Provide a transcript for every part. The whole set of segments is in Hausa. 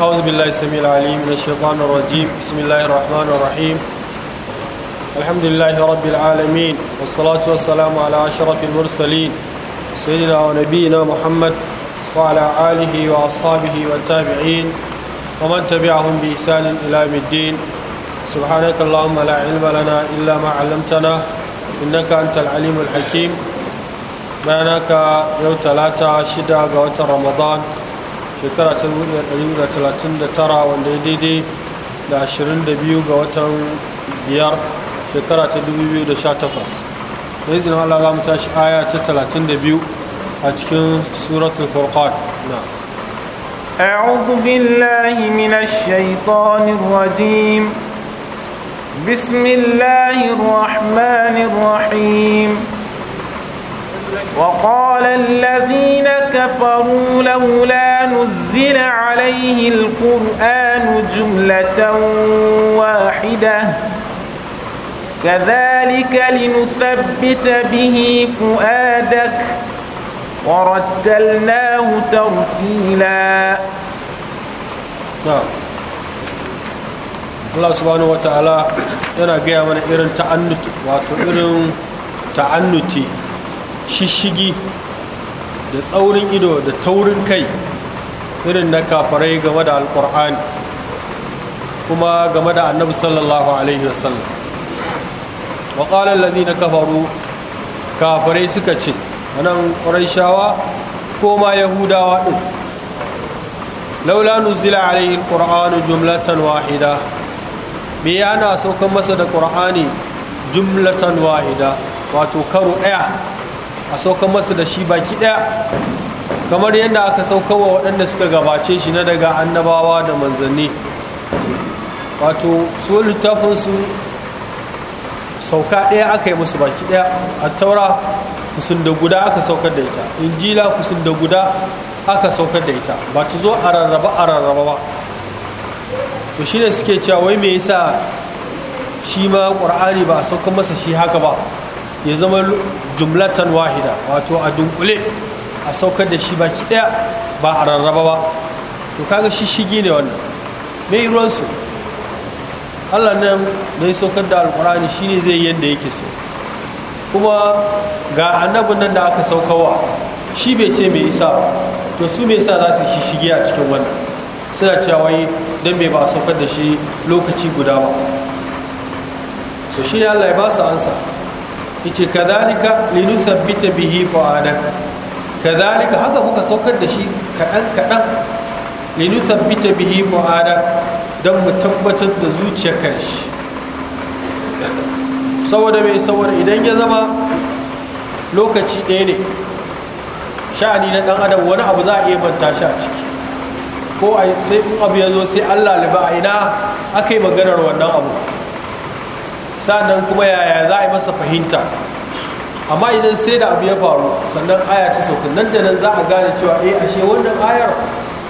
أعوذ بالله السميع العليم من الشيطان الرجيم بسم الله الرحمن الرحيم الحمد لله رب العالمين والصلاة والسلام على أشرف المرسلين سيدنا ونبينا محمد وعلى آله وأصحابه والتابعين ومن تبعهم بإحسان إلى يوم الدين سبحانك اللهم لا علم لنا إلا ما علمتنا إنك أنت العليم الحكيم بينك يوم ثلاثة شدة رمضان shekara ta 1939 wanda ya daidai da 22 ga watan biyar shekara ta 2018 da izinin Allah za mu tashi aya ta 32 a cikin suratul furqan na أعوذ بالله من الشيطان الرجيم بسم الله الرحمن الرحيم وقال الذين كفروا لولا نزل عليه القرآن جملة واحدة كذلك لنثبت به فؤادك ورتلناه ترتيلا نعم سبحانه وتعالى يرى قيامنا yana gaya mana irin shishigi da tsaurin ido da taurin kai irin na kafarai game da alkur'an kuma game da annabi sallallahu alaihi wasallam wa lalzi kafaru kafarai suka ce nan shawa ko ma yahudawa ɗin laula nuzila alaihi alkur'anu jumlatan wahida me yana saukan masa da ƙur'ani jumlatan wahida wato karo ɗaya a saukan masa da shi baki ɗaya kamar yadda aka wa waɗanda suka gabace shi na daga annabawa da manzanni wato su su sauka ɗaya aka yi musu baki ɗaya a taura kusur da guda aka saukar da ita injila kusur da guda aka saukar da ita ba ta zo a rarraba a rarraba ba to shi ne suke cewa wai me yasa shi ma ƙur'ani ba a saukar masa shi haka ba ya zama jumlatan wahida wato a dunkule a saukar da shi baki daya ba a rarraba ba to kaga shi shigi ne wannan mai ruwansu allah nan da ya saukar da alkurani shi ne zai yadda yake so kuma ga annabin nan da aka saukawa shi bai ce mai isa to su mai isa za su shi shigi a cikin wannan suna cewa wai don mai ba a saukar da shi lokaci guda ba to shi ne allah ya ba su ansa yace kadhalika linuthabbita bihi fuadak kadhalika haka kuka saukar da shi kadan kadan linuthabbita bihi fuadak dan mu tabbatar da zuciyar shi saboda mai saboda idan ya zama lokaci ɗaya ne sha'ani na ɗan adam wani abu za a iya manta shi a ciki ko sai abu ya zo sai allah liba a ina aka yi maganar wannan abu sannan kuma yaya za a yi masa fahimta amma idan sai da abu ya faru sannan aya ce sauka nan da nan za a gane cewa eh ashe wannan ayar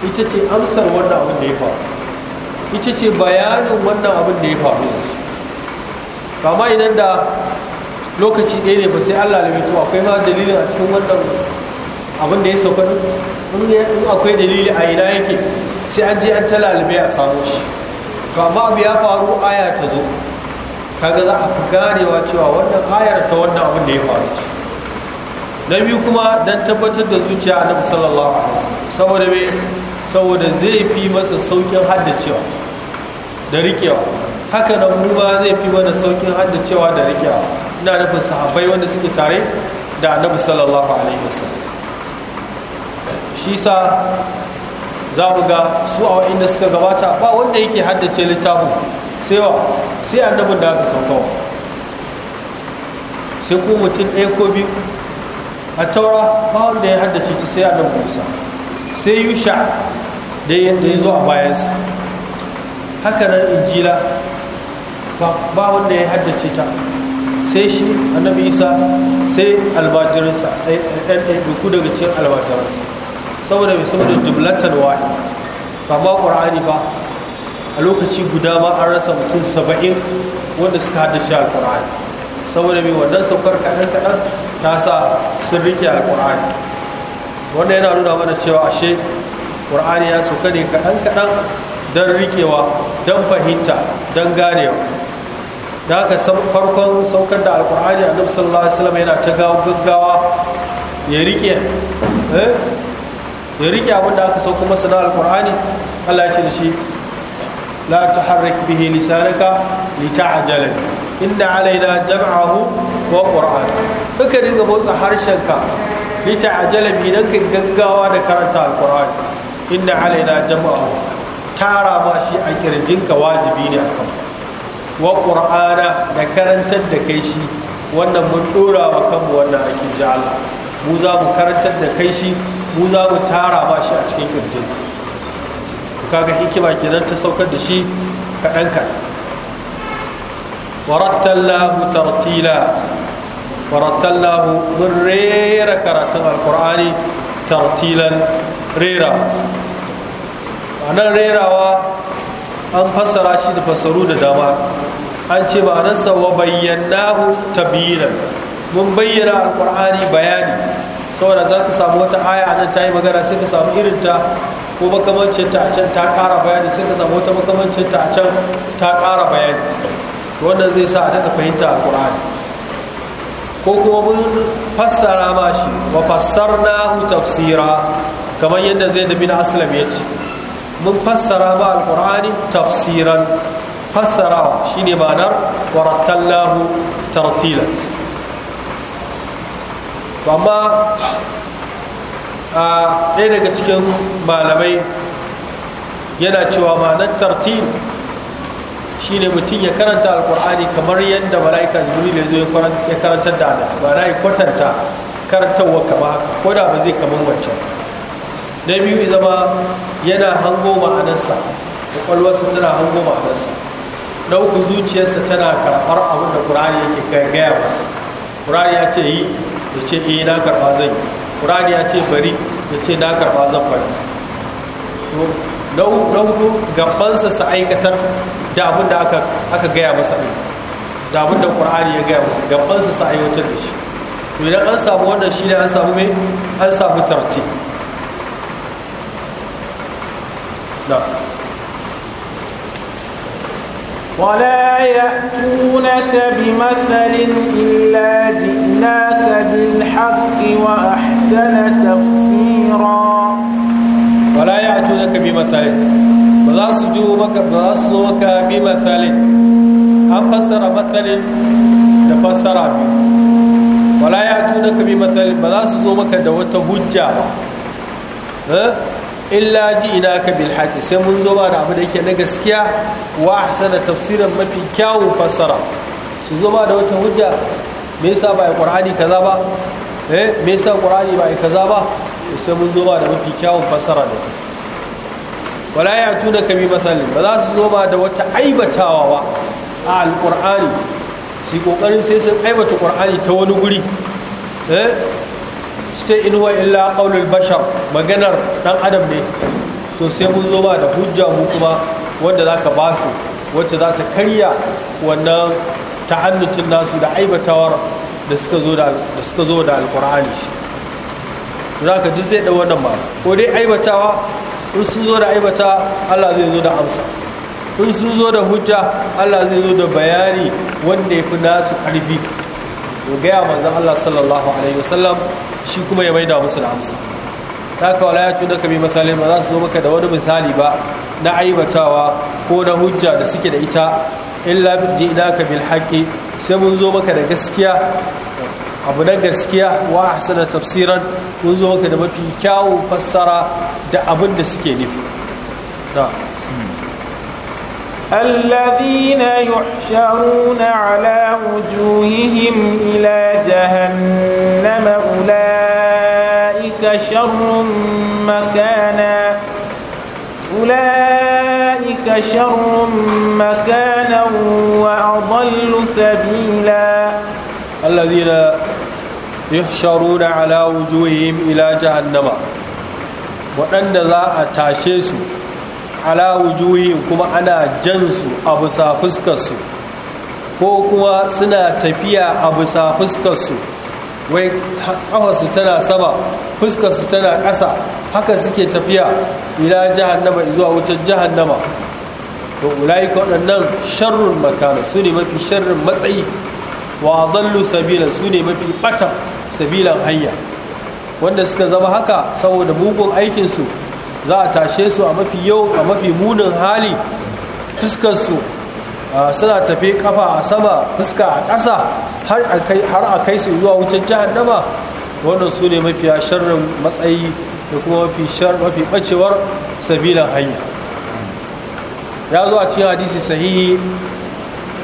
ita ce amsar wannan abin da ya faru ita ce bayanin wannan abin da ya faru yanzu amma idan da lokaci ɗaya ne ba sai allah limito akwai ma dalilin a cikin wannan abin da ya sauka in akwai dalili a ina yake sai an je an talalube a samu shi to amma abu ya faru aya ta zo kaga za a fi ganewa cewa wannan ayar ta wannan abin da ya faru ce na biyu kuma don tabbatar da zuciya na musallallahu sallallahu alaihi saboda me saboda zai fi masa saukin haddacewa da rikewa haka nan mu ba zai fi mana saukin haddacewa da rikewa ina nufin sahabbai wanda suke tare da annabi sallallahu alaihi wasallam shi sa za mu ga su a wa'inda suka gabata ba wanda yake haddace littafin sai wa sai annabin da aka saukawa sai ko mutum ɗaya ko biyu a taura ba wanda ya haddace ta sai annabi musa sai yusha da ya zo a bayansa haka nan injila ba wanda ya haddace ta sai shi annabi isa sai albajirinsa ɗan ɗan ɗuku daga cikin albajirinsa saboda mai saboda jumlatar wa'i ba ba ƙur'ani ba a lokaci guda ma an rasa mutum saba'in wanda suka hada shi alkur'ani saboda mai wannan saukar kaɗan kaɗan ta sa sun rike alkur'ani wanda yana nuna mana cewa ashe ƙur'ani ya sauka ne kaɗan kaɗan don rikewa don fahimta don ganewa da san farkon saukar da alkur'ani a nufsar Allah yana ta gaggawa ya rike eh, ya rike abin da aka sauka masa na alkur'ani Allah ya ce da shi لا تحرك به لسانك لتعجل إن علينا جمعه وقرآن فكر إذا موسى حرشك لتعجل بينك قنقاوة كرنت القرآن إن علينا جمعه تارى ما شيء أكرجنك واجبين وقرآن ذكرنت الدكيشي wannan mun dora wa kanmu wannan aikin ji Allah mu za mu karantar da kai shi mu za mu tara ba shi a cikin kirjin kaga hikima kenan ta saukar da shi kaɗan kaɗan warattallahu tartila warattallahu mun rera karatun alkur'ani tartilan rera ma'anar rerawa an fassara shi da fassaru da dama an ce ma'anarsa wa bayyanahu tabinan mun bayyana alkur'ani bayani saboda za ka samu wata aya nan ta yi magana sai ka samu irinta ko makamancin ta can ta ƙara bayani sai ka samu wata makamancin ta can ta kara bayani wannan zai sa a daɗa fahimta a ƙura'ani ko kuma mun fassara ma shi wa na hu tafsira kamar yadda zai da bin aslam ya ce mun fassara ma alƙur'ani tafsiran fassarawa shine ma'anar warattallahu tartila amma a ɗaya daga cikin malamai yana cewa ma'anar tartil shine mutum ya karanta alkur'ani kamar yadda mala'ika jibril ya zo ya karantar da ana ba na kwatanta karantarwa kama haka ko da ba zai kamar wancan na biyu zama yana hango ma'anarsa kwakwalwarsa tana hango ma'anarsa na uku zuciyarsa tana karɓar abin da ƙur'ani yake gaya masa ƙur'ani ya ce yi ya ce eh na karɓa zan yi ƙurani ya ce bari ya ce na karɓa zan bari na hudu gabansa su aikatar da abin da aka gaya masa ɗin da abin da ƙur'ani ya gaya masa gabansa su aiwatar da shi to idan an samu wannan shi ne an samu mai an samu tarti da ولا يأتونك بمثل إلا جئناك بالحق وأحسن Wala أَحْسَنَ تَفْسِيرًا وَلَا يَعْتُونَكَ wa وَلَا سُجُوبَكَ بَأَصُوَكَ بِمَثَالٍ أَمْفَسَرَ مَثَلٍ تَفَسَرَ بِي wala ya tuna ka bi matsalin ba za su zo maka da wata hujja ba illa ji ina ka bil haƙi sai mun zo ba da abu da yake na gaskiya wa a sana tafsirin mafi kyawun fassara su zo ba da wata hujja me yasa ba ya ƙwarhani kaza ba eh me yasa qur'ani ba kaza ba sai mun zo ba da mafi kyawun fassara da wala ya tuna kami masalin ba za su zo ba da wata aibatawa ba a alqur'ani shi kokarin sai sun aibata qur'ani ta wani guri eh sai in huwa illa qaulul bashar maganar dan adam ne to sai mun zo ba da hujja mu kuma wanda zaka ba su wacce za ta karya wannan ta'annucin nasu da aibatawar da suka zo da alkur'ani shi za ka duk zai ɗau wannan ma ko dai aibatawa in sun zo da aibata allah zai zo da amsa in sun zo da hujja allah zai zo da bayani wanda ya fi nasu ƙarfi to gaya manzan allah sallallahu alaihi wasallam shi kuma ya maida musu da amsa ta ka wala ya tunaka bi misali ba za su zo maka da wani misali ba na aibatawa ko na hujja da suke da ita illa bi ji bil haqqi sai mun zo maka da gaskiya abu na gaskiya wa ahsana tafsiran mun zo maka da mafi kyawun fassara da abin da suke nufi الذين يحشرون على وجوههم إلى جهنم أولئك شر مكانا أولئك شر مكانا أضل سبيلا الذين يحشرون على وجوههم إلى جهنم وأن ذا أتاشيس على وجوههم كما أنا جنس أبو سافسكس كما سنة kuma أبو سافسكس a bisa fuskarsu wai kawarsu tana sama fuskarsu tana ƙasa haka suke tafiya ila jahannama zuwa wutar jahannama to ulaika waɗannan sharrul makana su ne mafi sharrin matsayi wa dallu sabilan su ne mafi batan sabilan hanya wanda suka zama haka saboda mugun su za a tashe su a mafi yau a mafi munin hali su suna tafe kafa a sama fuska a ƙasa har a kai su zuwa wucin jahannama wannan su ne mafi sharrin matsayi da kuma mafi bacewar sabilan hanya ya zo a cikin hadisi sahihi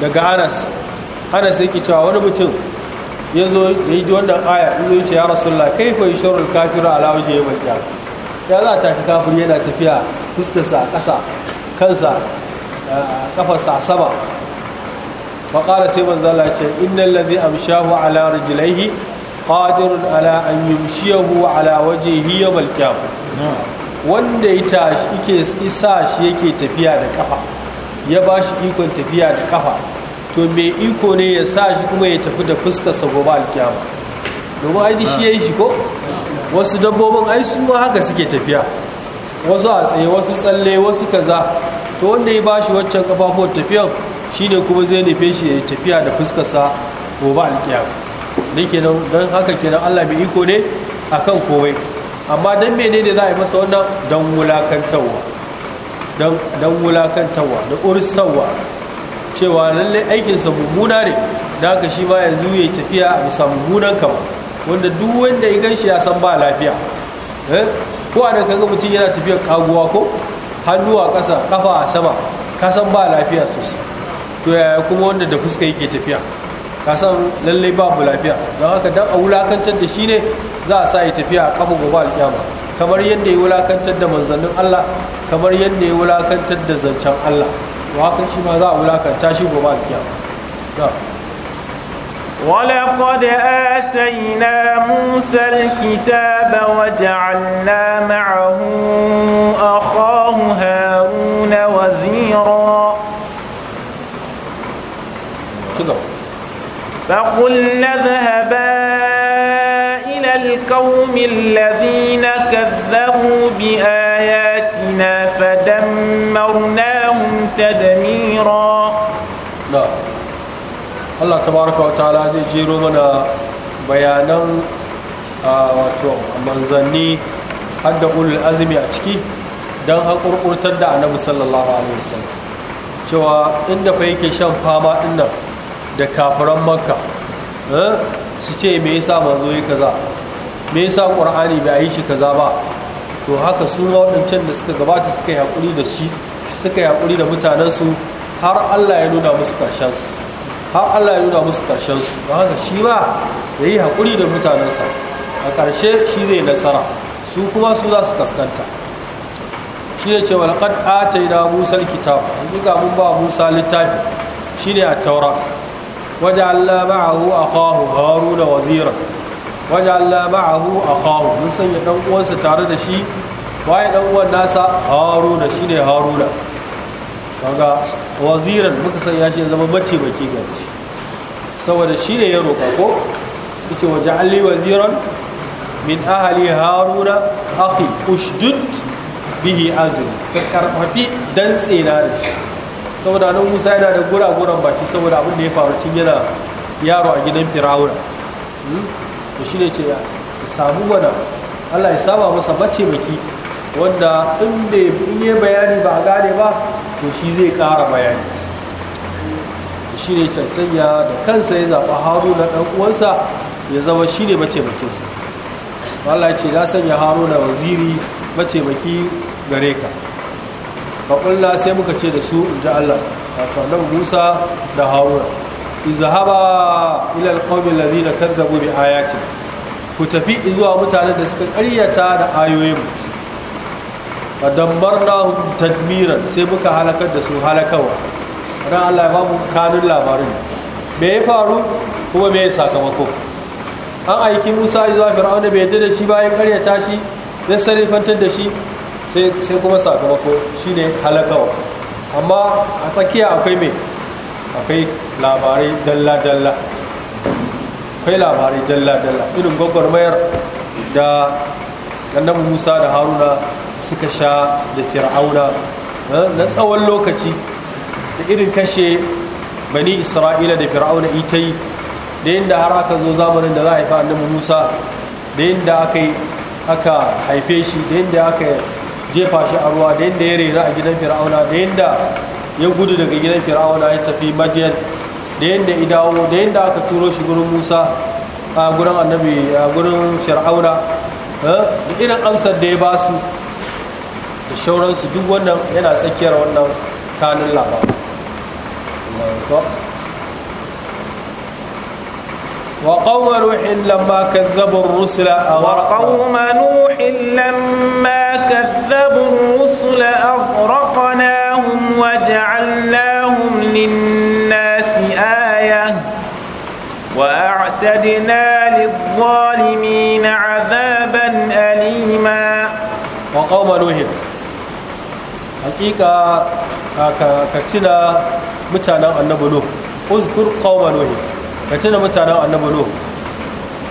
daga anas anas yake cewa wani mutum ya zo da yi ji wannan aya ya zo ce ya rasulullah kai ko yashurul kafiru ala wajhi yawmal ya za ta tafi kafin yana tafiya fuskarsa a ƙasa kansa eh, ƙafarsa a sama faƙara sai manzo Allah ce innal amshahu ala rijlaihi qadirun ala an yumshiyahu ala wajhihi yawmal qiyamah wanda ya tashi yake isa shi yake tafiya da kafa ya ba shi ikon tafiya da kafa to mai iko ne ya sa shi kuma ya tafi da fuskarsa gobe alkiyama domin aidi shi ya yi shi ko wasu dabbobin ai su ma haka suke tafiya wasu a tsaye wasu tsalle wasu kaza to wanda ya ba shi waccan kafafuwar tafiyan ne kuma zai nufe shi ya tafiya da fuskarsa gobe alkiyama don haka kenan allah mai iko ne akan komai amma don menene za a yi masa wannan don wulakantarwa don wulakantarwa da uristarwa cewa lallai aikinsa mummuna ne da haka shi ba yanzu ya tafiya a bisa mummunan kama wanda duk wanda ya ganshi ya san ba lafiya eh? ko a daga ga mutum yana tafiya kaguwa ko hannu a ƙasa kafa a sama kasan ba lafiya sosai to yaya kuma wanda da fuska yake tafiya ka san lallai babu lafiya don haka dan a wulakantar da shi ne za a sa ya tafiya a kafa gobe alkiyama kamar yadda ya wulakantar da manzannin Allah kamar yadda ya wulakantar da zancen Allah to haka shi ma za a wulakanta shi gobe alkiyama ولقد آتينا موسى الكتاب وجعلنا معه فقلنا اذهبا إلى القوم الذين كذبوا بآياتنا فدمرناهم تدميرا لا الله تبارك وتعالى زي جيرو منا بيانا wato manzanni har da ulul azumi a ciki don ƙurƙurtar da annabi sallallahu alaihi wasallam cewa inda fa yake shan fama dinnan da kafiran makka eh? su ce me yasa manzo yi kaza me yasa qur'ani bai yi shi kaza ba to haka su ma waɗancan da suka gabata suka yi hakuri da shi suka yi hakuri da mutanensu har Allah ya nuna musu karshen su har Allah ya nuna musu karshen su don haka shi ba ya yi hakuri da mutanensa a karshe shi zai nasara su kuma su za su kaskanta shi ne cewa laƙad atai na musa kitab ga mun ba musa littafi shi ne a taura Wajen a a وجعلنا معه أخاه هارون وزيرا وجعلنا معه أخاه من سنة tare da shi waye dan uwan nasa haruna shine haruna kaga waziran muka sanya shi zama mace mataimaki ga shi saboda shi ne ya roƙa ko yace waje alli waziran min ahli haruna akhi ushdud bihi azri ka karfafi dan tsena da shi saboda nan musa yana da gura baki saboda abinda ya faru cin yana yaro a gidan firawuna da hmm? shi ne ce ya samu wana allah ya saba masa mataimaki wanda inda in yi bayani ba a gane ba to shi zai kara bayani shi ne cansanya da kansa ya zaɓa haruna ɗan uwansa ya zama shi ne mataimakinsa allah ya ce ya sanya haruna waziri baki gare ka faƙulla sai muka ce da su in ji allah wato nan musa da haruna izahaba ilal da kan kadzabu mai ayatin ku tafi zuwa mutanen da suka ƙaryata da ayoyin dambar na tadmiran sai muka halakar da su halakawa ran Allah ya ba mu kanun labarin me ya faru kuma me ya sakamako an aiki Musa zuwa Fir'auna bai yadda da shi bayan ƙaryata shi ya sarrafantar da shi sai kuma sakamako shine halakawa amma a tsakiya akwai mai akwai labarai dalla-dalla akwai labarai dalla-dalla irin gwagwarmayar da annabi musa da haruna suka sha da fir'auna eh, na tsawon lokaci da irin kashe bani isra'ila da fir'auna ita yi da yadda har aka zo zamanin da za a haifa annabi musa da yadda aka haife shi da yadda aka jefa shi a ruwa da yadda ya rera a gidan fir'auna da yadda ya gudu daga gidan fir'auna ya tafi madiyan da yadda ya dawo da yadda aka turo shi gurin musa a gurin annabi a gurin fir'auna eh, da irin amsar da ya ba su da shauransu duk wannan yana tsakiyar wannan kanin labar. وقوم نوح لما كذبوا الرسل وقوم نوح لما كذبوا الرسل أغرقناهم وجعلناهم للناس آية وأعتدنا للظالمين عذابا أليما وقوم نوح حقيقة كتنا متانا النبي نوح اذكر قوم نوح ka tuna mutanen annabi nuhu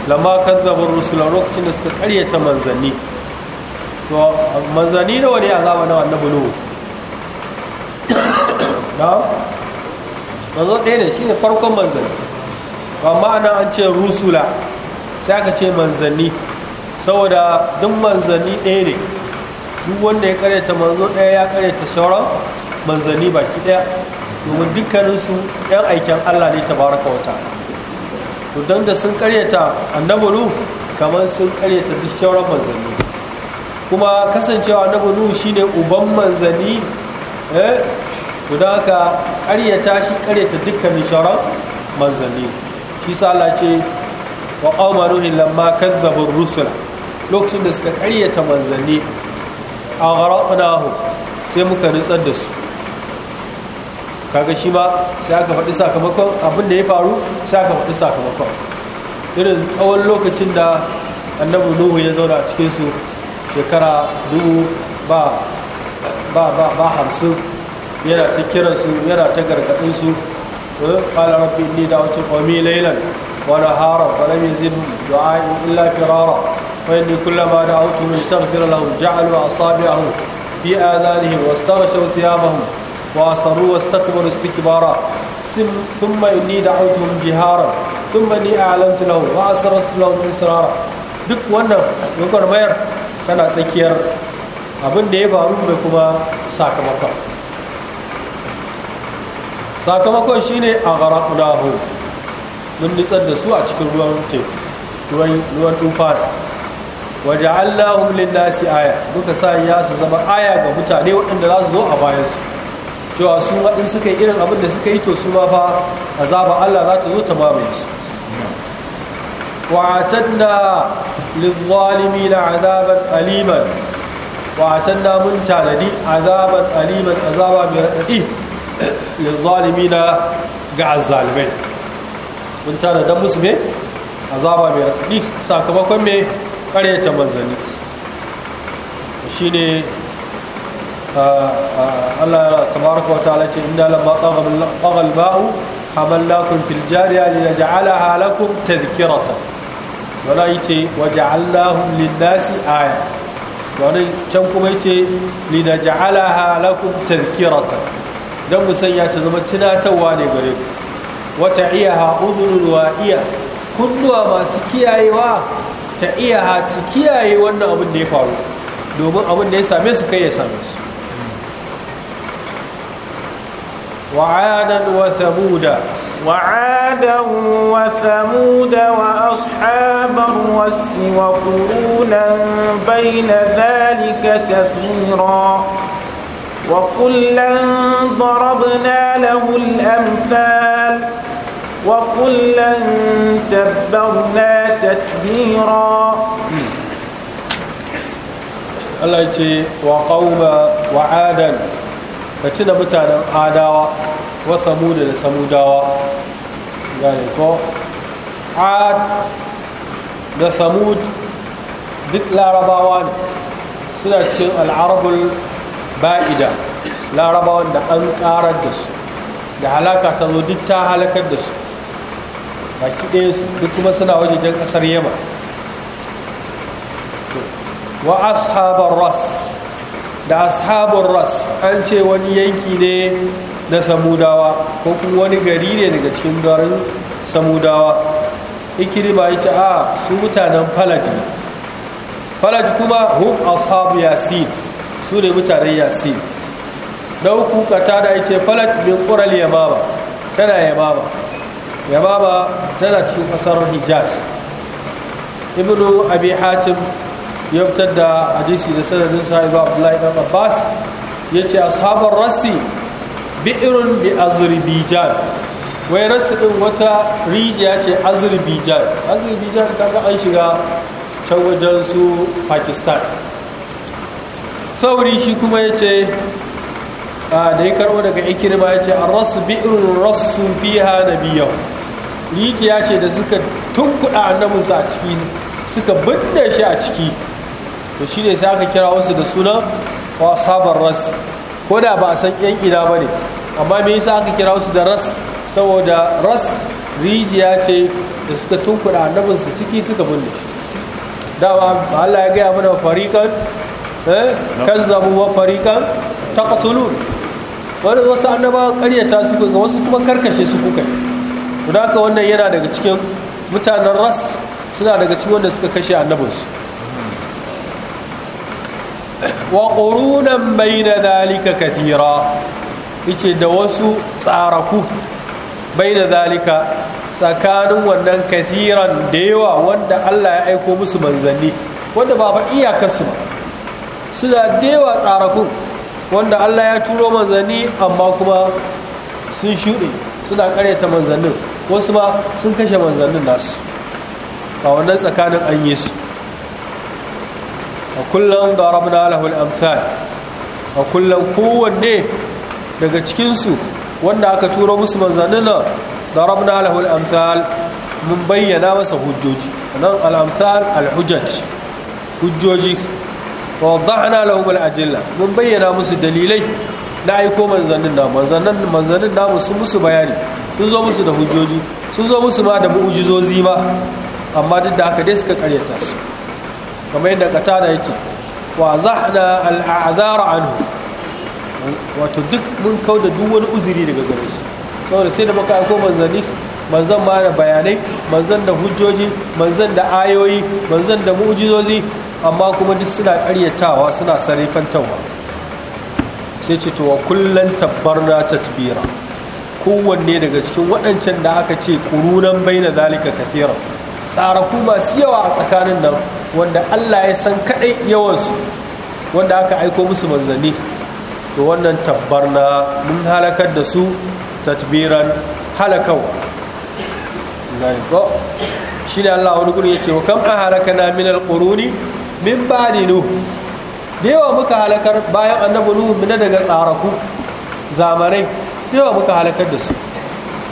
lamma zabar rusulan lokacin da suka karyata manzanni to manzanni nawa ne azaba na annabi nuhu da manzo ɗaya ne shine farkon manzanni amma ana an ce rusula sai aka ce manzanni saboda duk manzanni ɗaya ne duk wanda ya karyata manzo ɗaya ya karyata sauran manzanni baki ɗaya domin dukkaninsu 'yan aikin allah ne ta baraka wata to don da sun karyata annabi kamar sun karyata duk shauran manzanni kuma kasancewa annabi shi shine uban manzanni eh to da haka karyata shi karyata dukkanin shauran manzanni shi sa ce wa qauma lamma kadzabu rusula lokacin da suka karyata manzanni a gharaqnahu sai muka nutsar da su kaga shi ma sai aka faɗi sakamakon abin da ya faru sai aka faɗi sakamakon irin tsawon lokacin da annabi nuhu ya zauna a cikinsu shekara dubu ba ba ba ba hamsin yana ta kiransu yana ta gargaɗinsu ƙala eh, rabbi inni da wata ƙwami lailan wani haram wani mai zin du'a illa firara فإني كلما دعوتهم لتغفر لهم جعلوا أصابعهم في آذانهم واستغشوا ثيابهم وأصروا واستكبروا استكبارا ثم إني دعوتهم جهارا ثم إني أعلمت لهم وأسررت لهم إسرارا duk wannan gwagwarmayar tana tsakiyar abin da ya faru da kuma sakamakon sakamakon shine a garaƙunahu mun nitsar da su a cikin ruwan teku ruwan tufan waje allahun linnasi aya duka sa ya su zama aya ga mutane waɗanda za su zo a bayansu a su ma in suka yi irin abin da suka yi to su ma fa azaba Allah za ta zo ta mai su atanna lil-zalimin azaban aliman wa atanna mun tanadi azaban aliman azaba mai radadi lil-zalimin ga azzalimai mun tanada musu me azaba mai radadi sakamakon me kare ta manzani, shine Allah tabaraka wa ta'ala ce inna lamma tagha al-ma'u hamallakum fil jariya linaj'alaha lakum tadhkiratan wala yace waja'alnahum lin-nasi aya wani can kuma yace linaj'alaha lakum tadhkirata dan mu sanya ta zama tunatarwa ne gare ku wata iyaha udhunun wa'iya kunnuwa masu kiyayewa ta iyaha ta kiyaye wannan abin da ya faru domin abin da ya same su kai ya same su وعادا وثمود وعادا وثمود وأصحاب الرس وقرونا بين ذلك كثيرا وكلا ضربنا له الأمثال وكلا تبرنا تتبيرا الله يتي وقوم وعادا ka da mutanen adawa wa samuda da samudawa gane ko ad da samud duk larabawa ne suna cikin al'arabul ba'ida larabawan da an karar da su da halaka ta zo duk ta halakar da su baki ɗaya su duk kuma suna wajen ƙasar yamma wa ashabar ras da ashabun ras an ce wani yanki ne na samudawa ko kuma wani gari ne daga cikin garin samudawa ikirima ya ce a ah, su mutanen falaj ne kuma hum ashabu yasin su ne mutanen yasin na uku kata da ya ce falaj min kural yamama tana yamama yamama tana cikin ƙasar hijaz ibnu abi hatim ya fitar da hadisi da sanadin sahibu abdullahi abbas ya ce ashabar rassi bi'irun bi azribijan wai rassi din wata rijiya ce azribijan azribijan ga an shiga can wajen su pakistan sauri shi kuma ya ce da ya karbo daga ikirma ya ce an rasu bi'irun rasu fiha nabiyau rijiya ce da suka tunkuɗa annabinsa a ciki suka binne shi a ciki to shi ne sai aka kira wasu da sunan wasabar ras ko da ba a san yan ina ba ne amma me yasa aka kira wasu da ras saboda ras rijiya ce da suka tunkuɗa annabinsu ciki suka binne shi dama Allah ya gaya mana farikan eh, kan zabu wa farikan taqtulun wani wasu annaba karyata su ga wasu kuma karkashe su kuka to haka wannan yana daga cikin mutanen ras suna daga cikin wanda suka kashe annabinsu wa ƙurunan bai na dalika kathira ice da wasu tsaraku bai na zalika tsakanin wannan kathiran da yawa wanda Allah ya aiko musu manzanni wanda ba ba iyakarsu suna da yawa tsaraku wanda Allah ya turo manzanni amma kuma sun shuɗe suna ƙaryata manzannin wasu ma sun kashe manzannin nasu a wannan tsakanin an yi su a kullum da lahul amsal a kullum kowanne daga cikinsu wanda aka turo musu manzannin rabu da rabna lahul amsal mun bayyana masa hujjoji nan al'amsal al'ujjaj hujjoji wa wadana lahum al'ajilla mun bayyana musu dalilai na aiko manzannin na manzannin manzannin namu sun musu bayani sun zo musu da hujjoji sun zo musu ma da mu'ujizozi ma amma duk da haka dai suka karyata su kamar yadda katada ya ce wa zahna al'azara anhu wato duk mun kauda duk wani uzuri daga gare su saboda sai da muka aiko manzanni manzan ma da bayanai manzan da hujjoji manzan da ayoyi manzan da mu'jizozi amma kuma duk suna karyatawa suna sarifantawa sai ce to wa kullun tabbarna tatbira kowanne daga cikin waɗancan da aka ce kurunan baina zalika kathira tsaraku masu yawa a tsakanin nan wanda Allah ya san kaɗai yawansu wanda aka aiko musu manzanni to wannan tabbar na mun halakar da su tatbiran halakau shi ne Allah wani guri ya ce wa kam a halaka na minal ƙoruni min ba ni nuhu da yawa muka halakar bayan annabu nuhu mina daga tsaraku zamanai da yawa muka halakar da su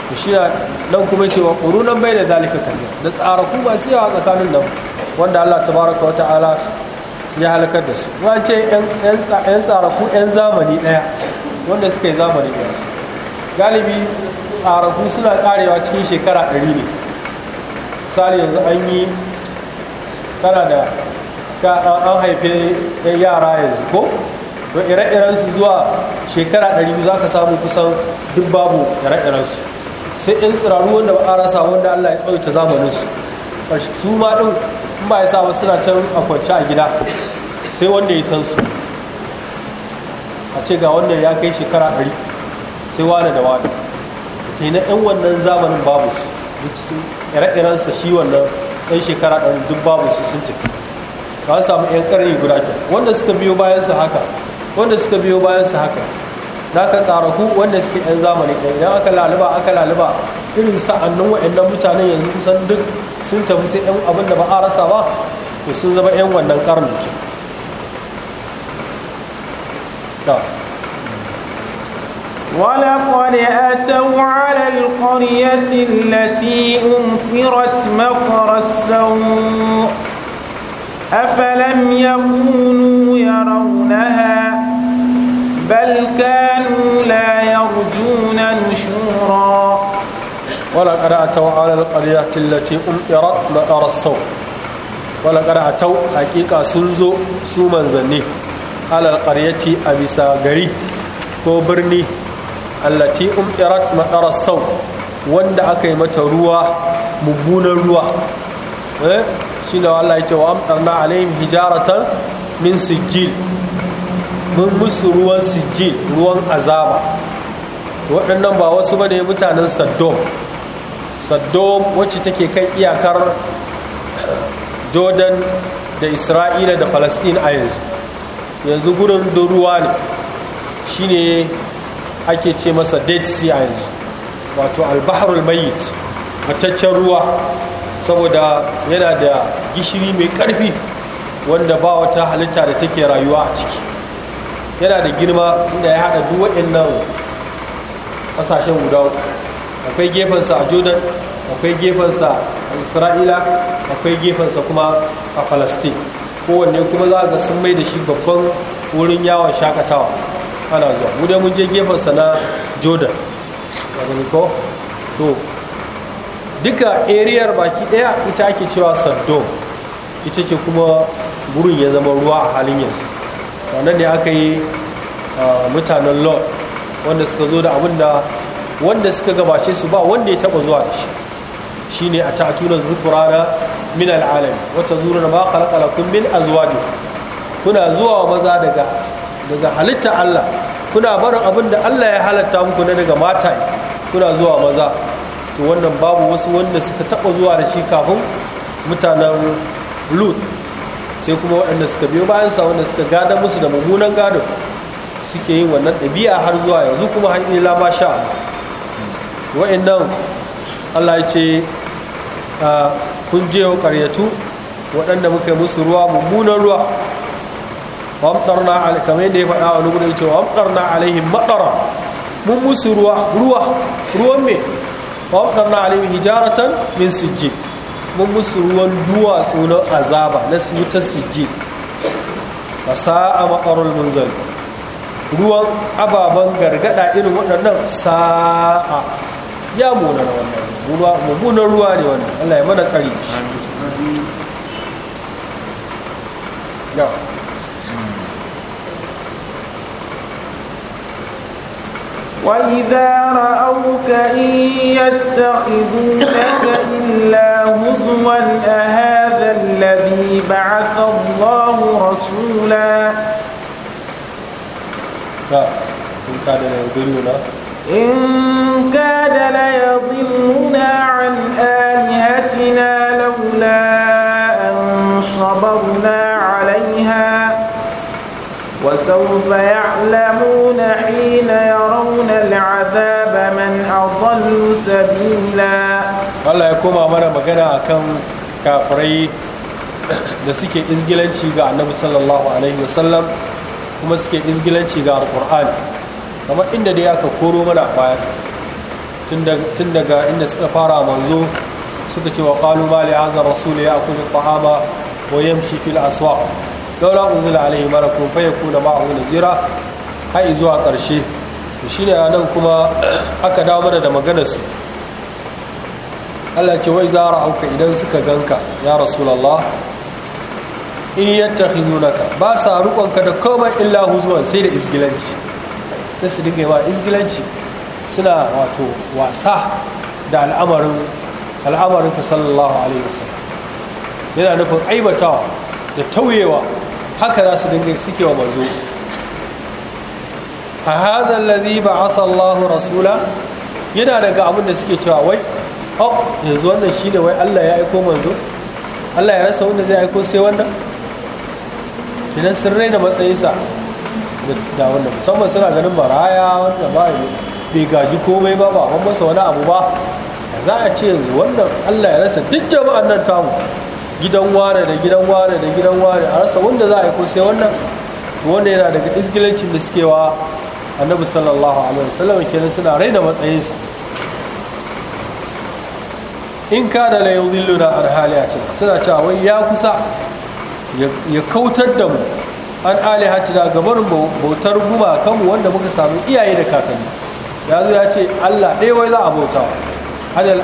to shi dan kuma cewa qurunan bai da zalika kalli da tsara ku ba su yawa tsakanin nan wanda Allah tabaraka wataala ya halakar da su wace yan yan tsara ku yan zamani daya wanda suka yi zamani daya galibi tsara ku suna karewa cikin shekara 100 ne misali yanzu an yi kana da an haife yara yanzu ko to ire-irensu zuwa shekara ɗari za ka samu kusan duk babu ire-irensu sai yan tsiraru wanda ba ara rasa wanda Allah ya tsawaita zamanin su su ma din in ba ya sa wasu suna can a kwance a gida sai wanda ya san su a ce ga wannan ya kai shekara ɗari sai wane da wane ke na ɗan wannan zamanin babu su duk sun ire sa shi wannan ɗan shekara ɗari duk babu su sun tafi ba samu ƴan ƙarni guda ke wanda suka biyo bayan su haka wanda suka biyo bayan su haka da ka tsaraku wanda suke yan zamani ɗaya idan aka laluba aka laluba irin sa'annin wa'annan mutanen yanzu kusan duk sun tafi sai yan abin da ba a rasa ba to sun zama yan wannan karni ولقد أتوا على القرية التي أمطرت مقر ya أفلم ya raunaha. بل كانوا لا يرجون نشورا ولقد أتوا على القرية التي أمطرت مطر السوء ولقد أتوا حقيقة سنزو سو منزني على القرية أبسا غري ko birni allati umtirat maqara sau wanda aka yi mata ruwa mummunan ruwa eh shine Allah ya ce wa amtarna alaihim hijaratan min sijil mun musu ruwan sijil ruwan azaba waɗannan ba wasu ba bane mutanen saddom saddom wacce take kan iyakar jordan da isra'ila da palestine a yanzu yanzu gurin da ruwa ne shine ake ce masa dead sea a yanzu wato albaharul mayit mataccen ruwa saboda yana da gishiri mai karfi wanda ba wata halitta da take rayuwa a ciki yana da girma inda ya haɗa duk waɗannan ƙasashen guda akwai gefensa a jordan akwai gefensa a isra'ila akwai gefensa kuma a palestine kowanne kuma za ga sun mai da shi babban wurin yawon shakatawa ana zuwa mu mun je gefensa na jordan ko to duka ariyar baki daya ita ake cewa saddom ita ce kuma gurin ya zama ruwa a halin yanzu nan ne aka yi mutanen lord wanda suka zo da abin da wanda suka gabace su ba wanda ya taba zuwa da shi shine a zukura na min al'alami wata zuru ma khalaqa kun min ne kuna zuwa maza daga halitta Allah kuna barin abin da Allah ya halatta muku na daga mata kuna zuwa maza to wannan babu wasu wanda suka taba zuwa da shi kafin mutanen lut sai kuma waɗanda suka biyo bayan sa wanda suka gada musu da mummunan gado suke yin wannan ɗabi'a har zuwa yanzu kuma har ila ma sha wa'annan Allah ya ce kun je ƙaryatu waɗanda muka musu ruwa mummunan ruwa wamtarna kamar yadda ya faɗa wani ce cewa wamtarna alaihim maɗara mun musu ruwa ruwa ruwan me wamtarna alaihim hijaratan min sijjid mun musu ruwan duwatsu na azaba na wutar sijji ba sa'a makarar munzal ruwan ababen gargada irin waɗannan sa'a ya muna na wannan mummunan ruwa ne wannan allah ya mana tsari وإذا رأوك إن يتخذونك إلا هزوا أهذا الذي بعث الله رسولا لا إن كاد ليضلنا إن كاد ليضلنا عن آلهتنا لولا أن صبرنا عليها وسوف يعلمون sabila Allah ya koma mana magana akan kafirai da suke izgilanci ga annabi sallallahu alaihi wasallam kuma suke izgilanci ga alkur'ani kamar inda dai aka koro mana baya tun daga inda suka fara manzo suka ce wa qalu ma li hadha rasul ya'kulu at-ta'ama wa yamshi fil aswaq laula unzila alaihi malakun fayakuna ma'ahu nazira har zuwa karshe shi ne a nan kuma aka dawo mana da maganarsu allah ce wai zara auka idan suka ganka ya rasulallah in yadda hizunaka ba sa rukonka da komai illa huzuwan sai da isgilanci. sai su dinga yawa isgilanci suna wato wasa da al'amarin al'amarinka sallallahu alaihi wasallam yana nufin aibatawa da tauyewa haka za su dinga suke wa manzo a hadha alladhi ba'atha Allahu rasula yana daga abin da suke cewa wai oh yanzu wannan shi ne wai Allah ya aiko manzo Allah ya rasa wanda zai aiko sai wannan idan sun raina matsayinsa da wanda musamman suna ganin maraya wanda ba bai gaji komai ba ba a masa wani abu ba za a ce yanzu wannan Allah ya rasa duk jama'an nan tamu gidan ware da gidan ware da gidan ware a rasa wanda za a aiko sai wannan to wanda yana daga isgilancin da suke wa annabi sallallahu alaihi wasallam kenan suna raina matsayinsa in kana la yudilluna an halihatina suna cewa wai ya kusa ya kautar da mu an alihatina gabar bautar gumakanmu wanda muka samu iyaye da kakanni ya zo ya ce Allah ɗaya wai za a bauta alal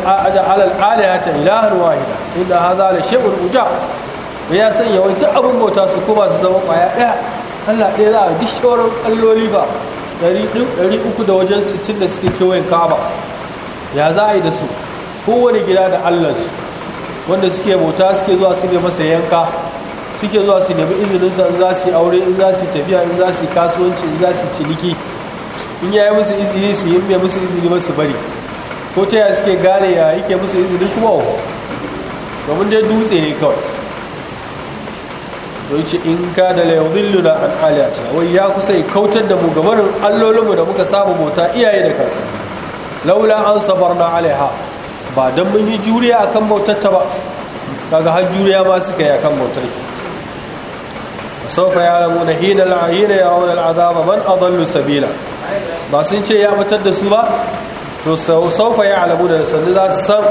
alihata ilahan wahida inda haza la shay'un uja ya sanya wai duk abin bauta su kuma su zama kwaya ɗaya Allah ɗaya za a duk shawarar alloli ba 300 da wajen 60 da suke kewayen kaba ya za a yi da su kowane gida da allansu wanda suke bauta suke zuwa su nema masa yanka suke zuwa su nemi izininsa in za su aure in za su tafiya in za su kasuwanci in za su ciniki in ya yi musu izini su yi mai musu izini masu bari ko ta yaya suke gane ya yake musu izini kuma domin dai dutse ne kawai to yace in ka da la yudilluna an aliyatina wai ya kusa ya kautar da mu gabanin allolinmu da muka saba bauta iyaye da kakanni laula an sabarna alaiha ba dan mun yi juriya akan bautar ta ba kaga har juriya ma suka yi akan bautar ki سوف يعلمون ya العين يرون العذاب man أضل sabila ba sun ce ya fitar da su ba to saufa ya alamu da sannu za su san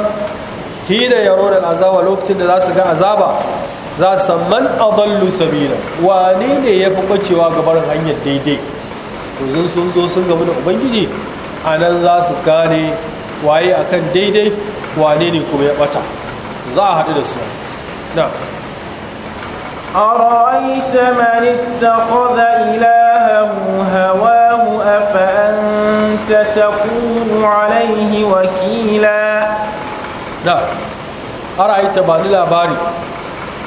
hina ya rona azaba lokacin da za su ga azaba za su san man adallu sabila wane ne ya fi bacewa ga barin hanyar daidai to sun zo sun gamu da ubangiji a nan za su gane waye akan daidai wane ne kuma ya bata za a haɗu da su na أرأيت من اتخذ إلهه هواه أفأنت تكون عليه وكيلا نعم أرأيت بني labari.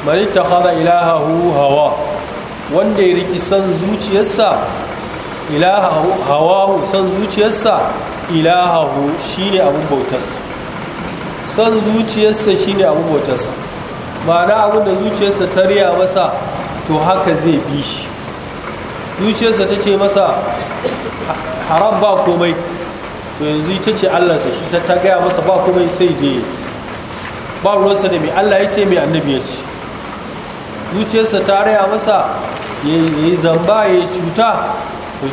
mari ta kada ilahahu hawa wanda ya riki san zuciyarsa hawahu san zuciyarsa ilahahu shine abin bautarsa san zuciyarsa shine abin bautarsa ma'ana abin da zuciyarsa ta riya masa to haka zai bi shi zuciyarsa ta ce masa haram ba komai to yanzu ita ce allansa shi ta gaya masa ba komai sai je ba ruwansa da mai allah ya ce mai annabi ya ce zuciyarsa ta raya masa ya yi zamba ya yi cuta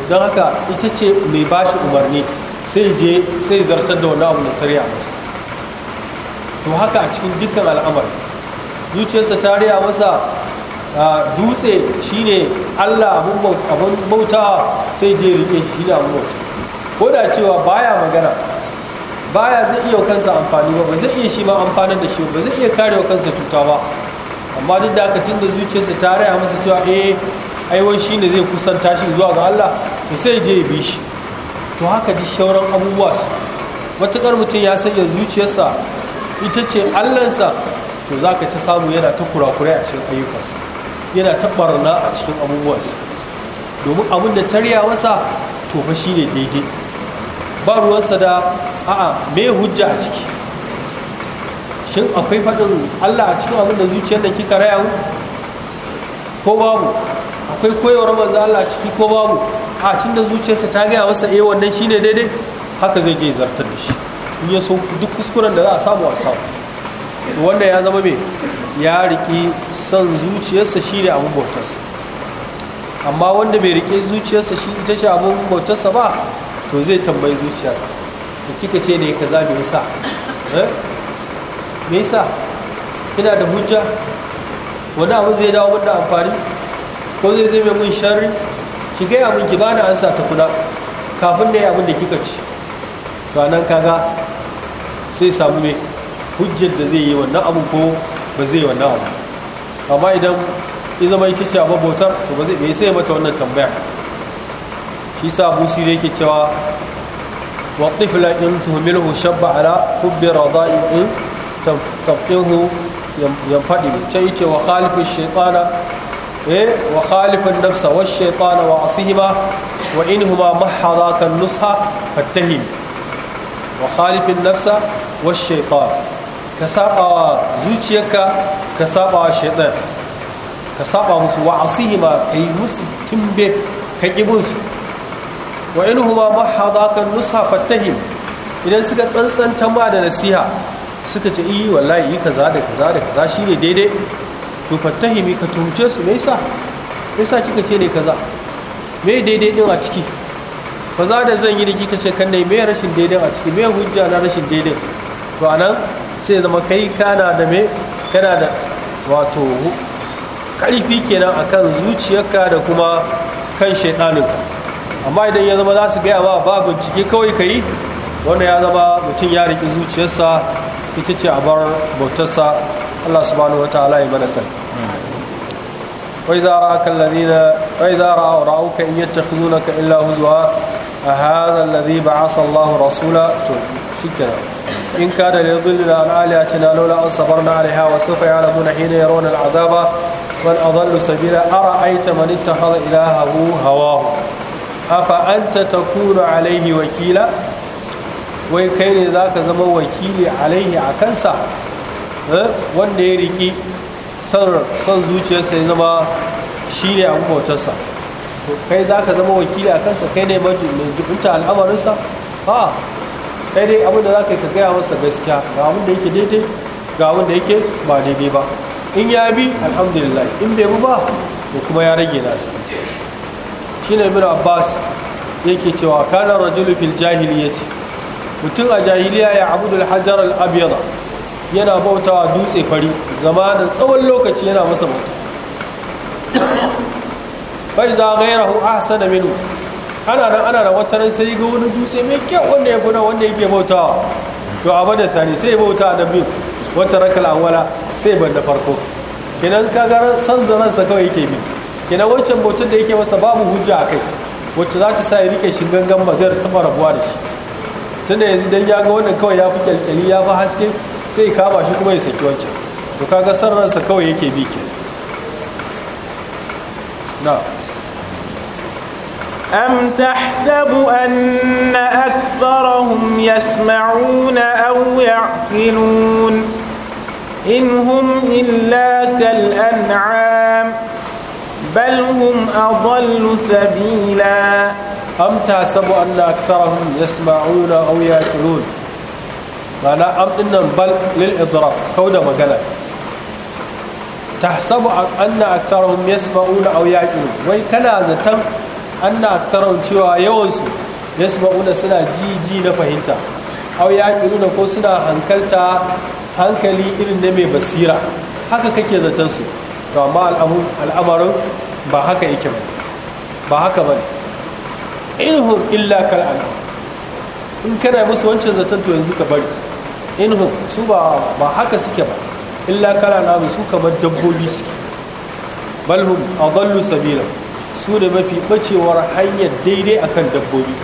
don haka ita ce mai bashi umarni sai je sai zartar da wani abu da ta raya masa to haka a cikin dukkan al'amar zuciyarsa ta raya masa dutse shine allah abin bautawa sai je rike shi shine abin bauta ko da cewa baya magana baya zai iya kansa amfani ba ba zai iya shi ma amfanin da shi ba zai iya karewa kansa cuta ba amma duk da aka tunda zuciyarsa ta raya masa cewa eh aiwon shi ne zai kusanta shi zuwa ga Allah to sai je ya bi shi to haka duk shauran abubuwa su matuƙar mutum ya sanya zuciyarsa ita ce allansa to za ka ta samu yana ta kurakurai a cikin ayyukansa yana ta barna a cikin abubuwansa domin abin da tarya masa to fa shi ne daidai ba ruwansa da a'a mai hujja a ciki shin akwai faɗin Allah a cikin abin da zuciyar da kika raya mu ko babu akwai koyewar manzo Allah a ciki ko babu a cikin da zuciyarsa ta gaya masa eh wannan shine daidai haka zai je zartar da shi in ya so duk kuskuren da za a samu a samu to wanda ya zama me ya riki son zuciyarsa shine abin bautarsa amma wanda bai rike zuciyarsa shi ita ce abin bautarsa ba to zai tambayi zuciyar da kika ce ne ka zabi yasa eh me yasa ina da hujja wani abu zai dawo min da amfani ko zai zai mai mun sharri ki gaya min ki bani ansa ta kuna kafin da ya da kika ci to nan kaga sai samu me hujjar da zai yi wannan abu ko ba zai wannan abu amma idan in zama ita ce a bautar to ba zai bai sai mata wannan tambaya shi sa busi da yake cewa wa tifla in tuhmilu shabba ala hubbi radai in tafkihu ya faɗi can yi ce wa khalifin shaitana eh wa khalifin nafsa wa shaitana wa asihima wa in huma mahaza kan nusha fattahim wa khalifin nafsa wa shaitana ka saba wa zuciyarka ka saba wa shaitan ka saba musu wa asihima ka yi musu timbe ka ƙi musu wa in huma mahaza kan nusha fattahim idan suka tsantsanta ma da nasiha suka ce iya eh, wallahi yi kaza da kaza da kaza shi ne daidai to fattahimi ka tumce su me yasa me yasa kika ce ne kaza me daidai din a ciki kaza da zan yi da kika ce kan mai me rashin daidai a ciki me hujja na rashin daidai to a nan sai zama kai kana da me kana da wato karfi kenan a kan zuciyarka da kuma kan shaidaninka amma idan ya zama za su gaya ba, ba bincike kawai ka yi wanda ya zama mutum ya riƙi zuciyarsa ita ce a bar bautarsa Allah subhanahu wa ta'ala ya mana sani wa idza ra'aka alladhina wa idza ra'u ra'uka in yattakhidunaka illa huzwa a hadha alladhi ba'atha Allahu rasula to shikara in kada la yudilla an aliyatina lawla an sabarna 'alayha wa sawfa ya'lamuna hina yaruna al'adaba man adalla sabila ara'aita man ittakhadha ilaha hawahu afa anta takunu 'alayhi wakila wai kai ne za ka zama wakili alaihi a kansa eh, wanda ya riki son zuciyarsa ya zama shi ne a bautarsa kai za ka zama wakili a kansa kai ne mai jubinta al'amarinsa Ha, kai dai abin da za ka gaya masa gaskiya ga abin da yake daidai ga abin da yake ba daidai ba in ya bi alhamdulillah in bai bi ba to kuma ya rage nasa shine ibn abbas yake cewa kanar rajulu fil jahiliyyati mutum a jahiliya ya abudul hajar al’abiyar yana bautawa dutse fari zama da tsawon lokaci yana masa bauta bai za gairahu da minu ana nan ana da wata sai ga wani dutse mai kyau wanda ya kuna wanda yake bautawa to abada tani sai bauta da bin wata rakal wala sai ban da farko kenan kaga san zaran kawai yake bi kenan wancan bautar da yake masa babu hujja a kai wacce za ta sa ya rike shi gangan ba zai taɓa rabuwa da shi tunda yanzu dan ya ga wannan kawai ya fi kyalkyali ya fi haske sai ya kama shi kuma ya saki wancan to kaga san ransa kawai yake bi ke na أم تحسب أن أكثرهم يسمعون أو يعقلون إن هم إلا كالأنعام بل هم أضل سبيلاً am tasabu anna aktharahum yasma'una aw yaqulun mana am dinnan bal lil idrab kauda magana tahsabu anna aktharahum yasma'una aw yaqulun wai kana zatan anna aktharahum cewa yawan su yasma'una suna ji na fahimta aw yaquluna ko suna hankalta hankali irin na mai basira haka kake zaton su to amma al'amarin ba haka yake ba haka bane inhum illa kal anam in kana musu wancan zaton to yanzu ka bari inhum su ba ba haka suke ba illa kal anam su kamar dabbobi suke balhum adallu sabila su da mafi bacewar hanyar daidai akan dabbobi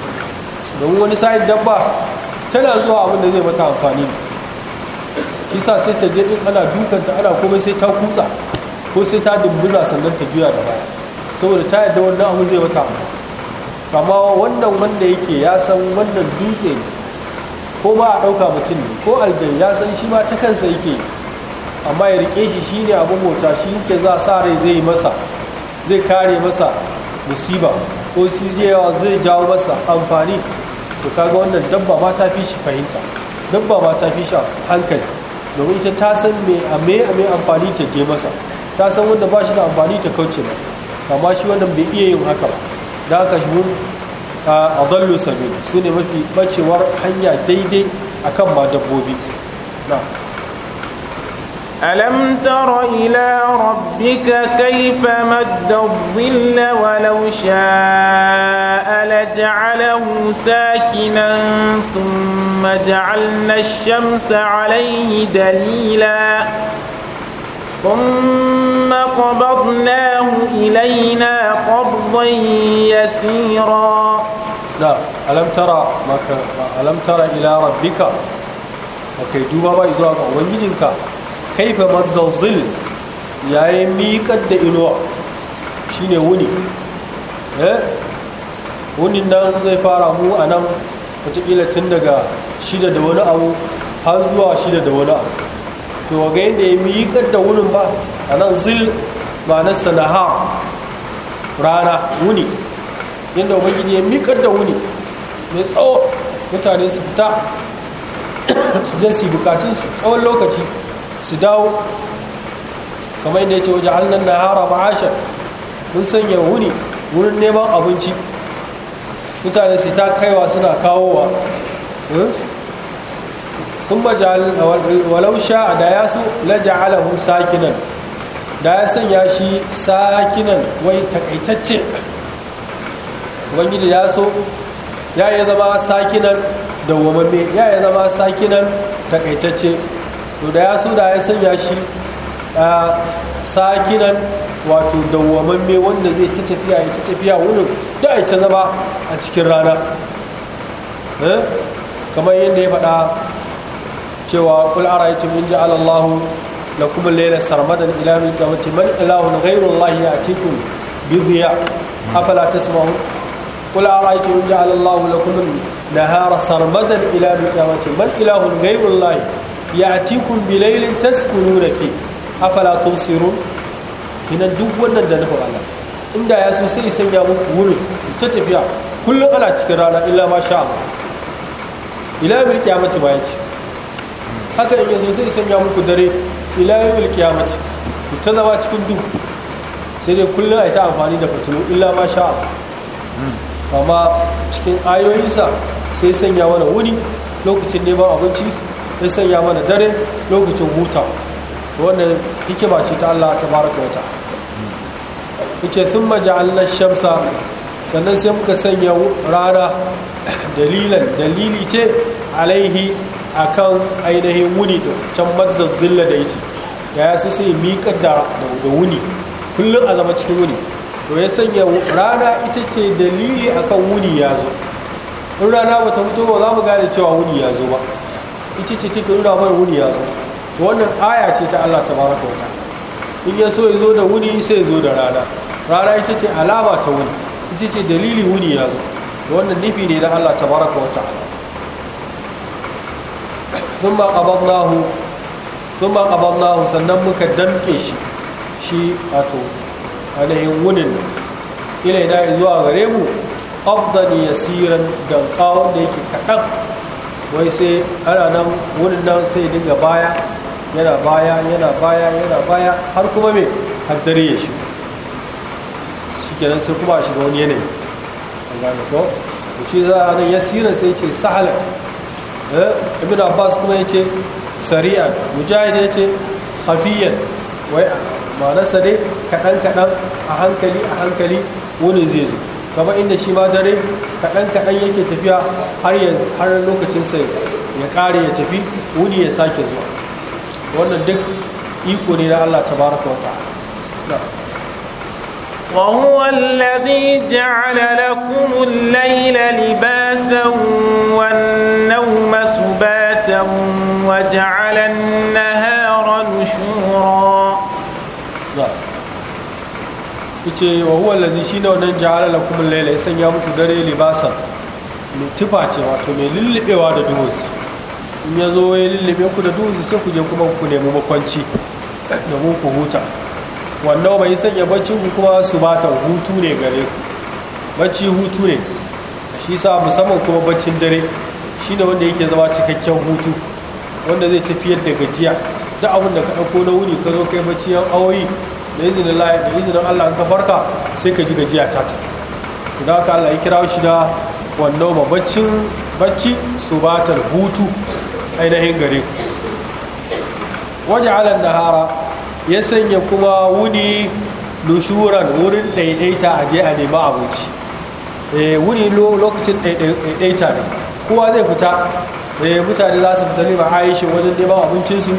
domin wani sa'in dabba tana zuwa abin da zai mata amfani ne kisa sai ta je din ana dukanta ana komai sai ta kutsa ko sai ta dumbuza sannan ta juya da baya saboda ta yadda wannan abu zai mata amfani kama wannan wanda yake ya san wannan dutse ko ba a ɗauka mutum ne ko aljan ya san shi ma ta kansa yake amma ya rike shi shi ne abin mota shi yake za sa rai zai masa zai kare masa musiba ko su zai jawo masa amfani to kaga wannan dabba ba ta fi shi fahimta dabba ba ta fi shi hankali domin ita ta san me a me a me amfani ta je masa ta san wanda ba shi da amfani ta kauce masa amma shi wannan bai iya yin haka ba da aka shi mun a adallu sabi su ne mafi bacewar hanya daidai akan kan ba dabbobi na alam tara ila rabbika kaifa madda dhilla wa law sha'a la ja'alahu sakinan thumma ja'alna ash-shamsa alaihi dalila thumma qabadnahu ilayna qabda أرضا يسيرا لا ألم ترى ما ك... ألم ترى إلى ربك وكي دوبا با إزوا ga ubangijinka kaifa madda zil yayi miƙar da inuwa shine wuni eh nan zai fara mu a nan wataƙila daga shida da wani abu har zuwa shida da wani abu to ga yadda ya miƙar da wunin ba a nan ba na rana wuni yadda ubangiji ya mikar da wuni mai tsawo mutane su fita su je su bukatun su tsawon lokaci su dawo kamar yadda ya ce waje hannun na hara ma'ashar mun sanya wuni wurin neman abinci mutane su ta kaiwa suna kawowa kun hmm? majal walau sha a da yasu musa sakinan da ya sanya shi sakinan wai takaitacce ubangiji ya so ya yi zama sakinan dawwamamme ya yi zama sakinan takaitacce to da ya so da ya sanya shi a sakinan wato dawwamamme wanda zai ta tafiya ya ta tafiya wani da ya ta zama a cikin rana eh? kamar yadda ya faɗa cewa kul'ara ya in ji Allahu lakum al-layla sarmadan ila min man ilahun ghayru allahi ya'tikum bi dhiya afala tasma'un قل أرأيتم إن جعل الله لكم النهار سرمدا إلى مقامة من إله غير الله duk wannan da nufin Allah inda ya sosai sai sanya muku wuri ta tafiya kullum ana cikin rana illa ma sha Allah ila bil kiyamati ba yace haka in ya so sai sanya muku dare ila yawmil qiyamati ku ta zama cikin duk sai dai kullum a yi ta amfani da fitilu illa ma sha amma cikin ayoyinsa sai sanya mana wuri lokacin neman abinci sai sanya mana dare lokacin huta wannan ba ce ta Allah ta baraka wata ce sun allah shamsa sannan sai muka sanya rana dalilan dalili ce alaihi a kan ainihin wuni da can da zilla da yace ya sai sai miƙa da wuni kullum a zama cikin wuni to ya sanya rana ita ce dalili akan wuni ya zo in rana bata fito ba za mu gane cewa wuni ya zo ba ita ce ta kira mai wuni ya zo to wannan aya ce ta Allah ta baraka wata'. in ya so ya zo da wuni sai ya zo da rana rana ita ce alama ta wuni ita ce dalili wuni ya zo wannan nufi ne na Allah ta baraka ta'ala ثم قبضناه ثم قبضناه sannan muka damke shi shi wato ainihin wunin ilai na zuwa gare mu abdan yasiran danka wanda yake kaɗan wai sai ana wunin nan yana baya yana baya yana baya har kuma me har dare ya shi shi kenan sai kuma shiga wani yanayi an gane ko shi sai ce sahalar Eh, ibn abbas kuma ya ce sari'an mujahid ya ce hafiyan wai manasa dai kaɗan-kaɗan a hankali a hankali wani zai zo kama inda shi ma dare kaɗan-kaɗan yake tafiya har lokacin sai ya ƙare ya tafi wuni ya sake zuwa wannan duk iko ne na allah ta baraka wata وهو الذي جعل لكم الليل لباسا والنوم سباتا وجعل النهار نشورا yace wa huwa allazi shine wannan ja'ala lakum kuma Laila ya sanya muku dare libasan mai tufa ce wato mai lullubewa da duhunsa in ya zo ya lullube ku da duhunsa sai ku je kuma ku nemi makwanci domin ku huta wannan bai sanya baccin ku kuma su bata hutu ne gare ku bacci hutu ne shi sa musamman kuma baccin dare shi ne wanda yake zama cikakken hutu wanda zai tafiyar da gajiya Da abin da ka ɗauko na wuni ka zo kai bacci yan awoyi da izinin Allah da izinin Allah ka farka sai ka ji gajiya ta ta da ka Allah ya kira shi da wannan baccin bacci batar hutu ainihin gare ku waje alan hara. ya sanya kuma wuni lushuran wurin ɗaiɗaita a je a nemi abinci eh, wuni lokacin ɗaiɗaita ne kowa zai fita eh, mutane za su fita ne ma'aishin wajen neman abincinsu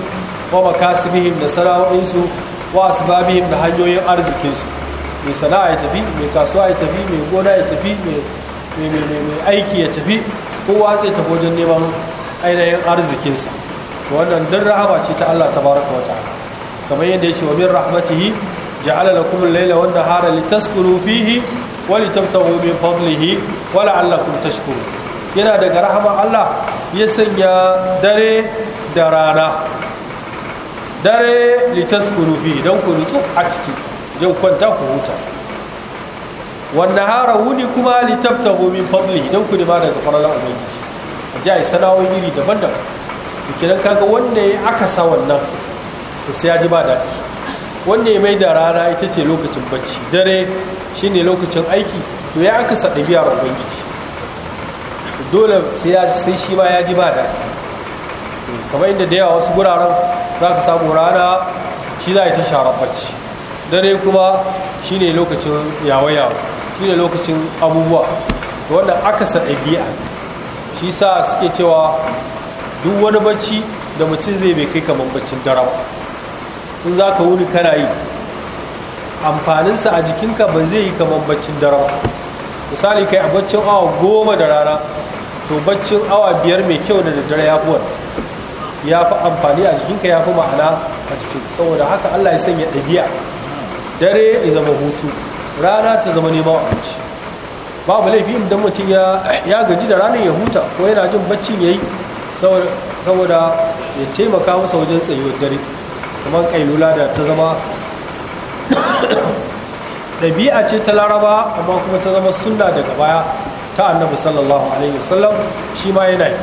wa makasibihim da sana'o'insu wa asibabihim da hanyoyin arzikinsu mai sana'a ya tafi mai kasuwa ya tafi mai gona ya tafi mai aiki ya tafi kowa zai tafi wajen neman ainihin arzikinsa wannan don rahama ce ta allah ta baraka wata kamar yadda ya ce wa min rahmatihi ja'ala lakum al-layla wan nahara litaskunu fihi wa litabtaghu min fadlihi wa la'allakum tashkurun yana daga rahama Allah ya sanya dare da rana dare litaskunu fihi dan ku nutsu a ciki dan kwanta ku huta wannan hara wuni kuma litabta gomin fadli don ku nema daga farallar ubangiji a ji a yi sana'o'i iri daban-daban da kiran kaga wanda ya akasa wannan to sai ya ji ba daɗi wanda ya mai da rana ita ce lokacin bacci dare shine lokacin aiki to ya aka sa ɗabi'ar ubangiji dole sai shi ba ya ji ba daɗi kamar inda da yawa wasu guraren za ka samu rana shi za a yi ta sharar bacci dare kuma shi ne lokacin yawa-yawa shi ne lokacin abubuwa wanda aka sa ɗabi'a shi sa suke cewa duk wani bacci da mutum zai bai kai kamar baccin dare ba in za ka wuni kana yi amfaninsa a jikinka ba zai yi kamar baccin dare ba misali kai a baccin awa goma da rana to baccin awa biyar mai kyau da daddare ya fi ya fi amfani a jikinka ya fi ma'ana a jikin saboda haka allah ya sanya ɗabiya dare ya zama hutu rana ta zama neman abinci babu laifi idan mutum ya gaji da ranar ya huta ko yana jin baccin ya yi saboda ya taimaka masa wajen tsayuwar dare kamar kailula da ta zama ɗabi'a ce ta laraba amma kuma ta zama sunna daga baya ta annabi sallallahu alaihi wasallam shi ma yana yi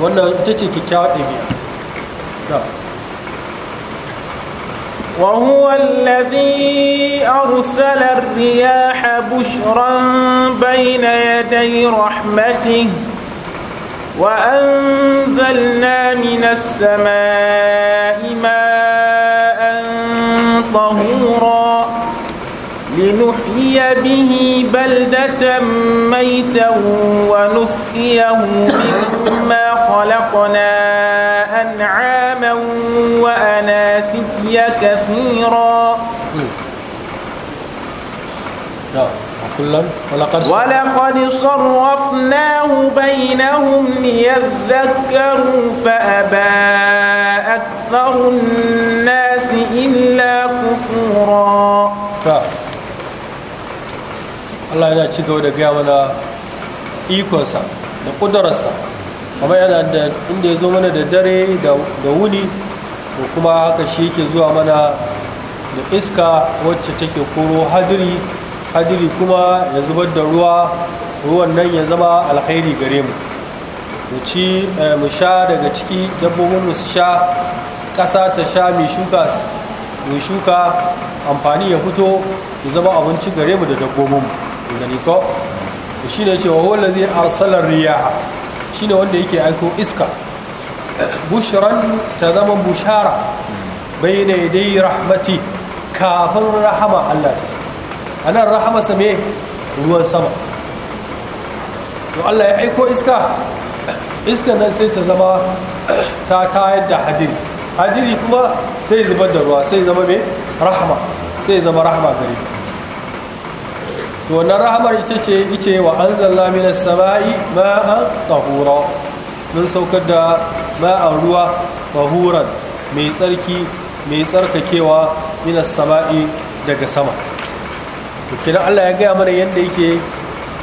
wannan ita ce kyakkyawar ɗabi'a وهو الذي أرسل الرياح بشرا بين يدي رحمته وأنزلنا من السماء طهورا لنحيي به بلدة ميتا ونسقيه مما خلقنا أنعاما وأناسيا كثيرا كلا ولقد ولقد صرفناه بينهم ليذكروا فأبى أكثر الناس إلا كفورا Allah yana ci gaba da gaya mana ikonsa da ƙudurarsa amma yana da inda ya zo mana da dare da wuni ko kuma haka shi yake zuwa mana da iska wacce take koro hadiri hadiri kuma ya zubar da ruwa ruwan nan ya zama alkhairi gare mu mu ci eh, mu sha daga ciki dabbobin mu su sha ƙasa ta sha mai shuka shuka amfani ya fito ya zama abinci gare mu da dabbobin mu gani ko shi ne cewa wanda zai arsalar riyaha shi ne wanda yake aiko iska bushran ta zama bushara bai ne dai rahmati kafin rahama allah ta a nan rahama same ruwan sama to allah ya aiko iska iska nan sai ta zama ta tayar da hadiri hadiri kuma sai zubar da ruwa sai zama mai rahama sai zama rahama gare to wannan rahamar ita ce ice wa an zalla minas sama'i ma'an tahura mun saukar da ma'an ruwa tahuran mai tsarki mai tsarkakewa minas sama'i daga sama to kenan Allah ya gaya mana yadda yake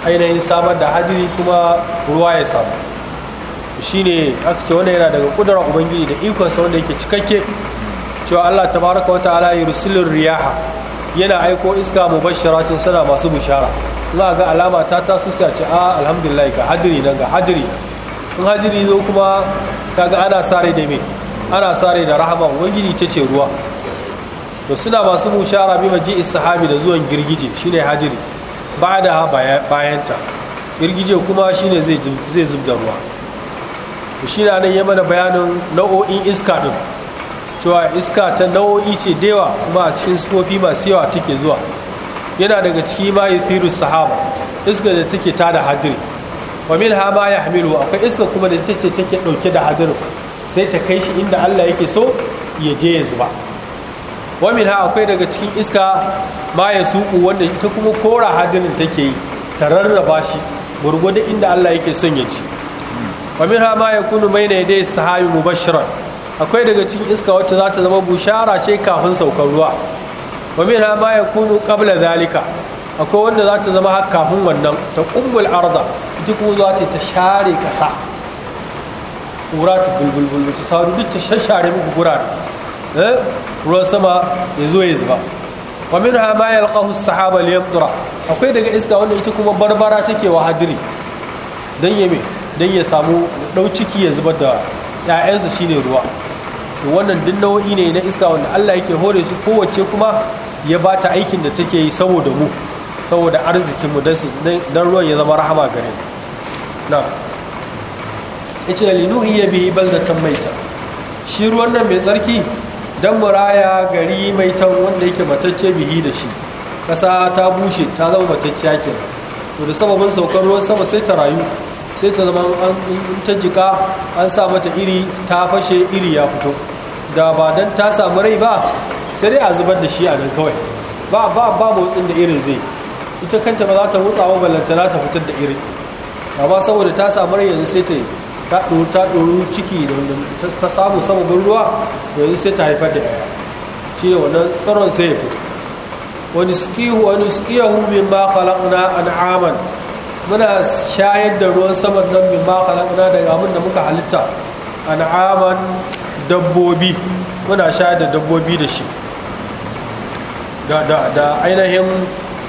ainihin samar da hadiri kuma ruwa ya samu shine aka ce wannan yana daga kudurar ubangiji da ikonsa wanda yake cikakke cewa Allah tabaraka wa ta'ala yursilur riyaha yana aiko iska mubashiratin sana masu bushara za ga alama ta taso sai a ce a ah, alhamdulillah ga hadiri nan ga hadiri in hadiri zo kuma kaga ana sare da me ana sare da rahama ubangiji ta ce ruwa to suna masu mushara bi maji sahabi da zuwan girgije shine hajiri ba bayanta girgije kuma shine zai zai zubda ruwa to shine nan ya mana bayanin nau'o'in iska din cewa iska ta nau'o'i ce dewa kuma a cikin sifofi masu yawa take zuwa yana daga ciki ma yuthiru sahaba iska da take da hadiri wa minha ma yahmilu akwai iska kuma da take take dauke da hadiri, sai ta kai shi inda Allah yake so ya je ya zuba wamin ha akwai daga cikin iska ma ya suku wanda ita kuma kora hadinin take yi ta rarraba shi gurgudu inda Allah yake son ya ci wamin ha ma ya kunu mai na dai sahabi mubashiran akwai daga cikin iska wacce za ta zama bushara ce kafin saukar ruwa wamin ha ma ya kunu kabla zalika akwai wanda za ta zama kafin wannan ta kumbul arda ita kuma za ta ta share kasa kura ta bulbulbulbul ta sauri duk ta shashare muku gurare Eh? ruwan sama ya zo ya zuba wa min ha ma yalqahu as-sahaba akwai daga iska wanda ita kuma barbara take wa hadiri don ya me ya samu dau ciki ya zubar da ƴaƴansa shine ruwa wannan duk nau'i ne na iska wanda Allah yake hore su kowace kuma ya bata aikin da take yi saboda mu saboda arzikin mu ruwan ya zama rahama gare mu na yace linuhi bihi baldatan maita shi ruwan nan mai tsarki don muraya gari mai tan wanda yake matacce bihi da shi Kasa ta bushe ta zama matacciya ke to da sababin saukar ruwan sama sai ta rayu sai ta zama an ta jika an sa mata iri ta fashe iri ya fito da ba don ta samu rai ba sai dai a zubar da shi a nan kawai ba ba ba motsin da irin zai ita kanta ba za ta motsa ballantana ta fitar da irin amma saboda ta samu rai yanzu sai ta yi ta ɗoru ta ɗoru ciki da wanda ta samu sababin ruwa yanzu sai ta haifar da ɗaya shi ne wannan tsaron sai ya fi wani skihu wani skiyahu min ma khalaqna an'aman muna shayar da ruwan saman nan min ma khalaqna daga abin da muka halitta an'aman dabbobi muna shayar da dabbobi da shi da da ainihin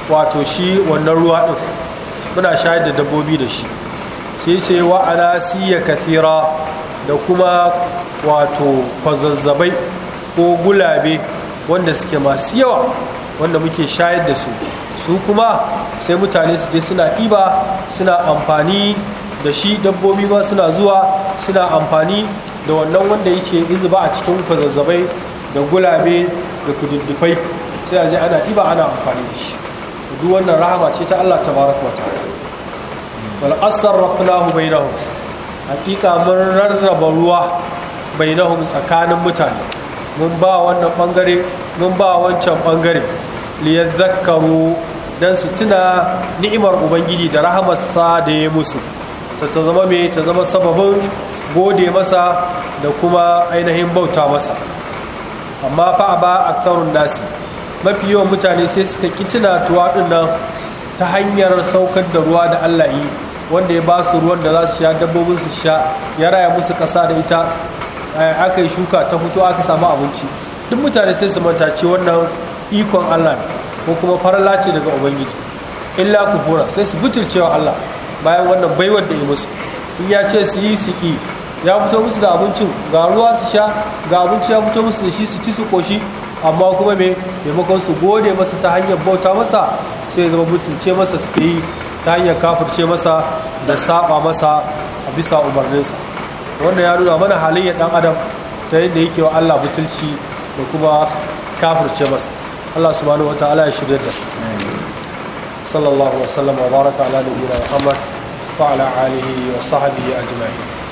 wato shi wannan ruwa ɗin muna shayar da dabbobi da shi shi ce wa anasiya kathira da kuma wato kwazazzabai ko gulabe wanda suke masu yawa wanda muke shayar da su su kuma sai mutane su je suna ɗiba suna amfani da shi dabbobi ma suna zuwa suna amfani da wannan wanda yake izuba a cikin kwazazzabai da gulabe da kududdufai sai a je ana ɗiba ana amfani da shi wannan rahama ce ta allah ta baraka wata wal bai nahu. hakika mun rarraba ruwa bai nahu tsakanin mutane mun ba wannan bangare mun ba wancan bangare zakaru don su tuna ni'imar ubangiji da rahamarsa da ya musu ta zama mai ta zama sababin gode masa da kuma ainihin bauta masa amma fa a ba a tsarin nasi mafi yawan mutane sai suka ki tunatuwa nan ta hanyar saukar da ruwa da Allah yi wanda ya ba su ruwan da za su sha dabbobin su sha ya raya musu kasa da ita eh, aka yi shuka ta fito aka samu abinci duk mutane sai su manta ce wannan ikon Allah ne ko kuma farala daga ubangiji illa kufura sai su wa Allah bayan wannan baiwar da ya musu in ya ce su yi su ya fito musu da abincin ga ruwa su sha ga abinci ya fito musu da shi su ci su koshi amma kuma me maimakon su gode masa ta hanyar bauta masa sai ya zama mutunce masa suke yi ta hanyar kafirce masa da saba masa a bisa umarninsa wanda ya nuna mana halayyar dan adam ta yadda yake wa Allah butulci da kuma kafirce masa Allah subhanahu wataala ya shirya da sallallahu wasallam wa baraka ala nabiyyina Muhammad wa ala alihi wa sahbihi ajma'in